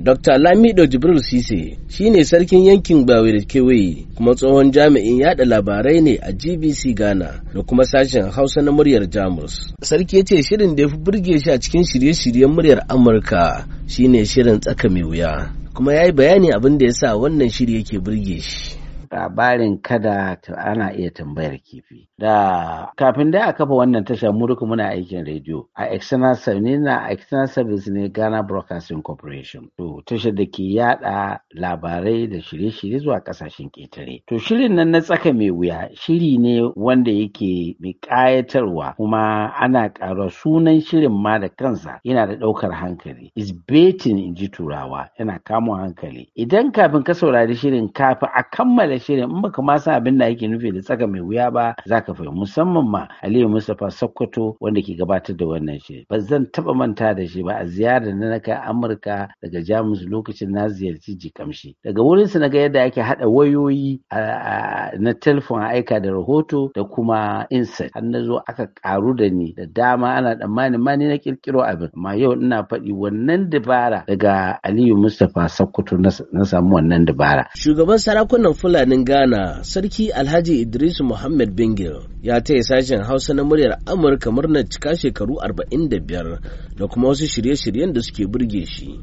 Dr. Lamido Jibril Sise shi ne sarkin yankin Bawe da kewaye kuma tsohon jami'in yada labarai ne a GBC Ghana da kuma sashen Hausa na muryar Jamus. Sarki ya ce shirin da ya fi burge shi a cikin shirye-shiryen muryar Amurka shi ne shirin tsaka mai wuya. Kuma ya yi bayani abin da ya sa wannan shiri yake burge shi. labarin kada ana iya tambayar kifi. Da kafin dai a kafa wannan tashar, mu muna aikin rediyo a external service na external service ne Ghana Broadcasting Corporation. To tashar da ke yada labarai da shirye-shirye zuwa kasashen ƙetare. To shirin nan na tsaka mai wuya shiri ne wanda yake mai ƙayatarwa kuma ana ƙara sunan shirin ma da kansa yana da ɗaukar hankali. Is betting in ji turawa yana kamo hankali. Idan kafin ka saurari shirin kafin a kammala shine in baka ma san abin da yake nufi da tsaka mai wuya ba za ka fahimci musamman ma Aliyu Mustapha Sokoto wanda ke gabatar da wannan shi. ba zan taba manta da shi ba a ziyarar da na kai Amurka daga Jamus lokacin na ziyarci Jikamshi daga wurin su naga yadda ake hada wayoyi na telefon a aika da rahoto da kuma insert har na zo aka karu da ni da dama ana tsammanin ma ni na kirkiro abin amma yau ina faɗi wannan dabara daga Aliyu Mustapha Sokoto na samu wannan dabara shugaban sarakunan Fulani birnin Ghana, Sarki Alhaji Idris Muhammad Bingil ya taya sashen Hausa na muryar Amurka murnar cika shekaru 45 da kuma wasu shirye-shiryen da suke burge shi.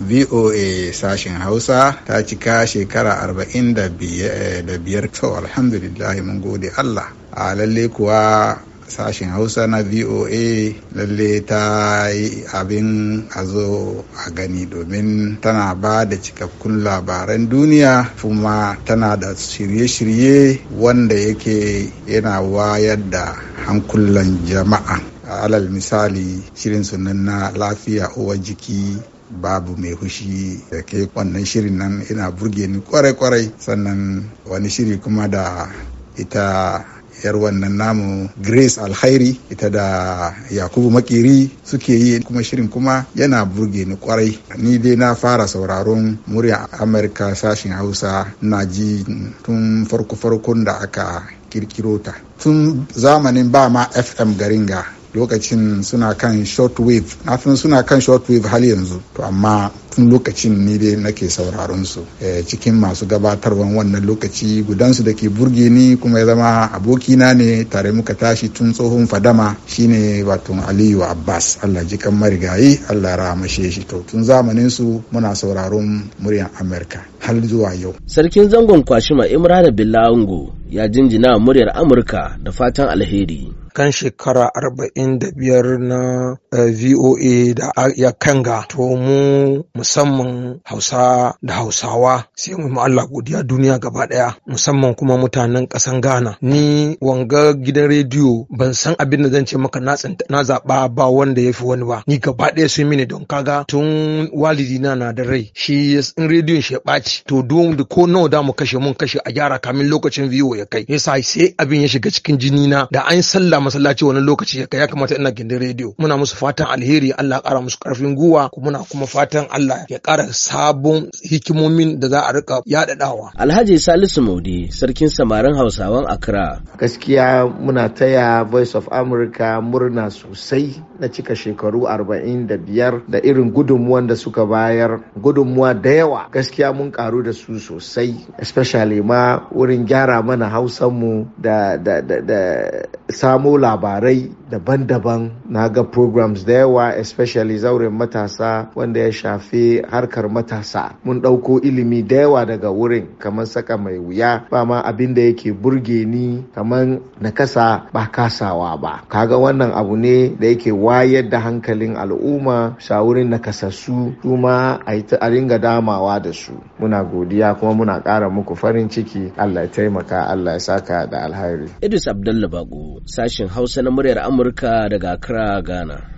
VOA sashen Hausa ta cika shekara 45 eh, to alhamdulillah mun gode Allah. A lalle kuwa sashen hausa na voa lalle ta yi abin a zo a gani domin tana ba da cikakkun labaran duniya kuma tana da shirye-shirye wanda yake yana wayar da hankulan jama'a alal misali shirin sunan na lafiya uwa jiki babu mai hushi da ke wannan shirin nan ina burge ni kwarai-kwarai sannan wani shiri kuma da ita yar wannan namu grace alkhairi ita da yakubu makiri suke yi kuma shirin kuma yana burge ni kwarai ni dai na fara sauraron murya amurka sashen hausa na ji tun farko-farkon da aka kirkiro ta tun zamanin ba ma fm garinga lokacin suna kan shortwave na suna kan shortwave hal yanzu to amma tun lokacin ni dai nake sauraron su eh, cikin masu gabatarwan wannan lokaci gudansu da ke burge ni kuma ya zama abokina ne tare muka tashi tun tsohon fadama shine wato aliyu abbas allah jikan marigayi allah ramashe shi to tun zamanin su muna sauraron muryan amurka har zuwa yau sarkin zangon kwashima imrana ango ya jinjina muryar amurka da fatan alheri kan shekara arba'in da biyar na eh, VOA da ya kanga to mu musamman Hausa da Hausawa sai mu mu Allah godiya duniya gaba daya musamman kuma mutanen kasan Ghana ni wanga gidan rediyo ban san abin da zan ce maka na zaba ba wanda yafi wani ba ni gaba daya sun mini don kaga tun walidi na na da rai shi in rediyon shi ya ɓaci to don da ko nawa da mu kashe mun kashe a gyara kamin lokacin VOA ya kai yasa sai abin ya shiga cikin jini na da an sallama masallaci wani lokaci ya kamata ina gindin rediyo muna musu fatan alheri Allah ya ƙara musu ƙarfin guwa muna kuma fatan Allah ya ƙara sabon hikimomin da za a rika yaɗaɗawa. Alhaji Salisu Maudi sarkin samarin Hausawan Accra. Gaskiya muna taya Voice of America murna sosai na cika shekaru 45 da irin gudunmuwan da suka bayar gudunmuwa da yawa gaskiya mun karu da su sosai especially ma wurin gyara mana hausanmu da, da, da, da samo labarai daban-daban na ga programs da yawa especially zauren matasa wanda ya shafi harkar matasa mun ɗauko ilimi da yawa daga wurin kamar saka mai wuya ba ma abin da yake burge ni kamar na kasa ba kasawa ba kaga wannan abu ne da yake wayar da hankalin al'umma shawurin nakasassu kuma a ringa damawa da su muna godiya kuma muna ƙara muku farin ciki allah ya taimaka allah ya saka da alhari idris abdullahi bako sashin hausa na muryar amurka daga accra ghana